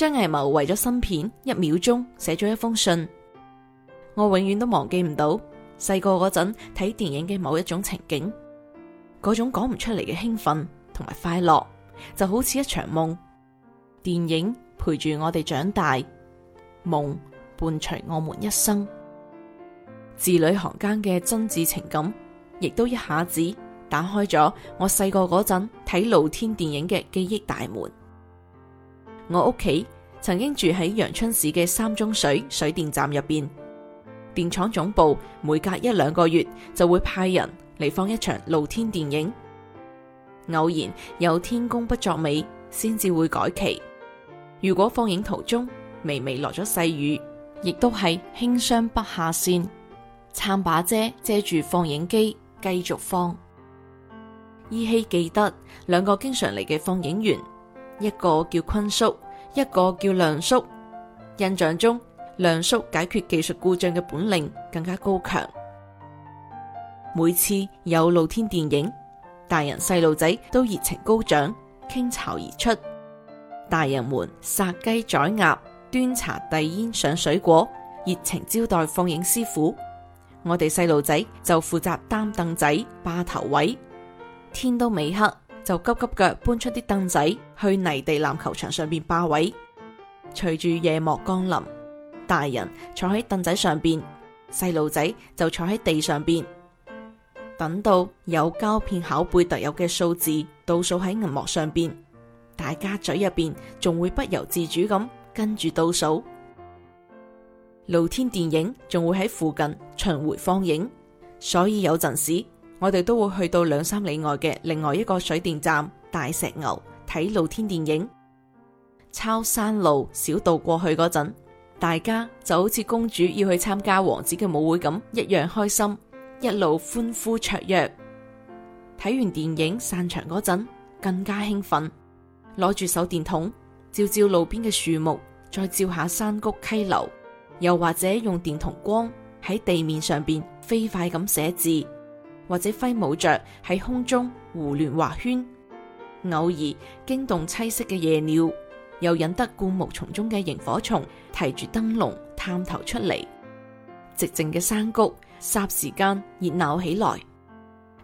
張藝謀為咗新片，一秒鐘寫咗一封信，我永遠都忘記唔到細個嗰陣睇電影嘅某一種情景，嗰種講唔出嚟嘅興奮同埋快樂，就好似一場夢。電影陪住我哋長大，夢伴隨我們一生。字裏行間嘅真摯情感，亦都一下子打開咗我細個嗰陣睇露天電影嘅記憶大門。我屋企曾經住喺陽春市嘅三盅水水電站入邊，電廠總部每隔一兩個月就會派人嚟放一場露天電影。偶然有天公不作美，先至會改期。如果放映途中微微落咗細雨，亦都係輕傷不下線，撐把遮遮住放映機繼續放。依稀記得兩個經常嚟嘅放映員。一個叫坤叔，一個叫梁叔。印象中，梁叔解決技術故障嘅本領更加高強。每次有露天電影，大人細路仔都熱情高漲，傾巢而出。大人們殺雞宰鴨，端茶遞煙、上水果，熱情招待放映師傅。我哋細路仔就負責擔凳仔、霸頭位。天都未黑，就急急腳搬出啲凳仔去泥地籃球場上邊霸位。隨住夜幕降臨，大人坐喺凳仔上邊，細路仔就坐喺地上邊。等到有膠片拷貝特有嘅數字倒數喺銀幕上邊，大家嘴入邊仲會不由自主咁跟住倒數。露天電影仲會喺附近巡迴放映，所以有陣時。我哋都會去到兩三里外嘅另外一個水電站大石牛睇露天電影，抄山路小道過去嗰陣，大家就好似公主要去參加王子嘅舞會咁，一樣開心，一路歡呼雀躍。睇完電影散場嗰陣，更加興奮，攞住手電筒照照路邊嘅樹木，再照下山谷溪流，又或者用電筒光喺地面上邊飛快咁寫字。或者揮舞着喺空中胡亂畫圈，偶爾驚動棲息嘅夜鳥，又引得灌木叢中嘅螢火蟲提住燈籠探頭出嚟。寂靜嘅山谷霎時間熱鬧起來。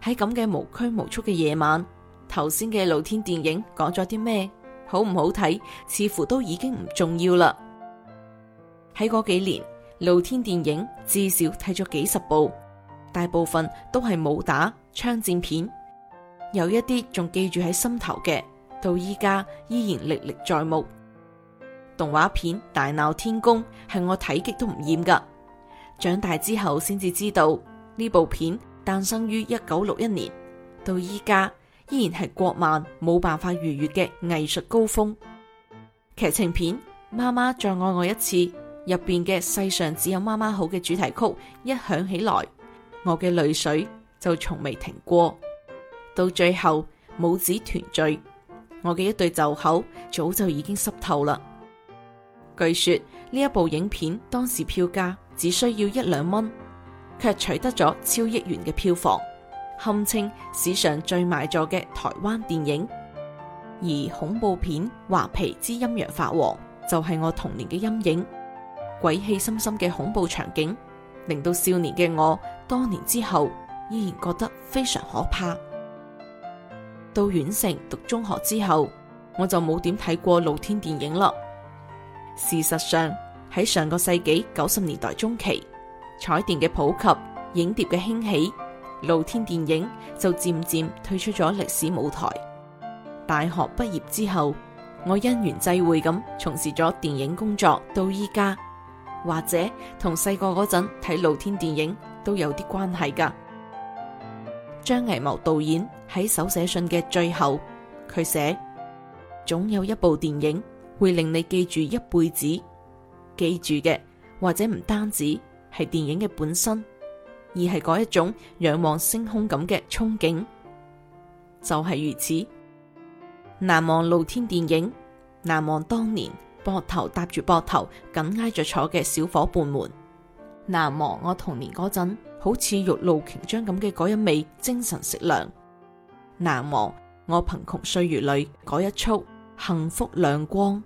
喺咁嘅無拘無束嘅夜晚，頭先嘅露天電影講咗啲咩？好唔好睇？似乎都已經唔重要啦。喺嗰幾年，露天電影至少睇咗幾十部。大部分都係武打槍戰片，有一啲仲記住喺心頭嘅，到依家依然歷歷在目。動畫片大鬧《大鬧天宮》係我睇極都唔厭噶。長大之後先至知道呢部片誕生於一九六一年，到依家依然係國漫冇辦法逾越嘅藝術高峰。劇情片《媽媽再愛我一次》入邊嘅《世上只有媽媽好》嘅主題曲一響起來。我嘅淚水就從未停過，到最後母子團聚，我嘅一對袖口早就已經濕透啦。據說呢一部影片當時票價只需要一兩蚊，卻取得咗超億元嘅票房，堪稱史上最賣座嘅台灣電影。而恐怖片《畫皮之陰陽法王》就係、是、我童年嘅陰影，鬼氣森森嘅恐怖場景。令到少年嘅我，多年之後依然覺得非常可怕。到縣城讀中學之後，我就冇點睇過露天電影啦。事實上，喺上個世紀九十年代中期，彩電嘅普及、影碟嘅興起，露天電影就漸漸退出咗歷史舞台。大學畢業之後，我因緣際會咁從事咗電影工作到，到依家。或者同細個嗰陣睇露天電影都有啲關係噶。張藝謀導演喺手寫信嘅最後，佢寫：總有一部電影會令你記住一輩子，記住嘅或者唔單止係電影嘅本身，而係嗰一種仰望星空咁嘅憧憬。就係如此。難忘露天電影，難忘當年。膊頭搭住膊頭，緊挨着坐嘅小伙伴們，難忘我童年嗰陣，好似玉露瓊漿咁嘅嗰一味精神食糧，難忘我貧窮歲月裏嗰一束幸福亮光。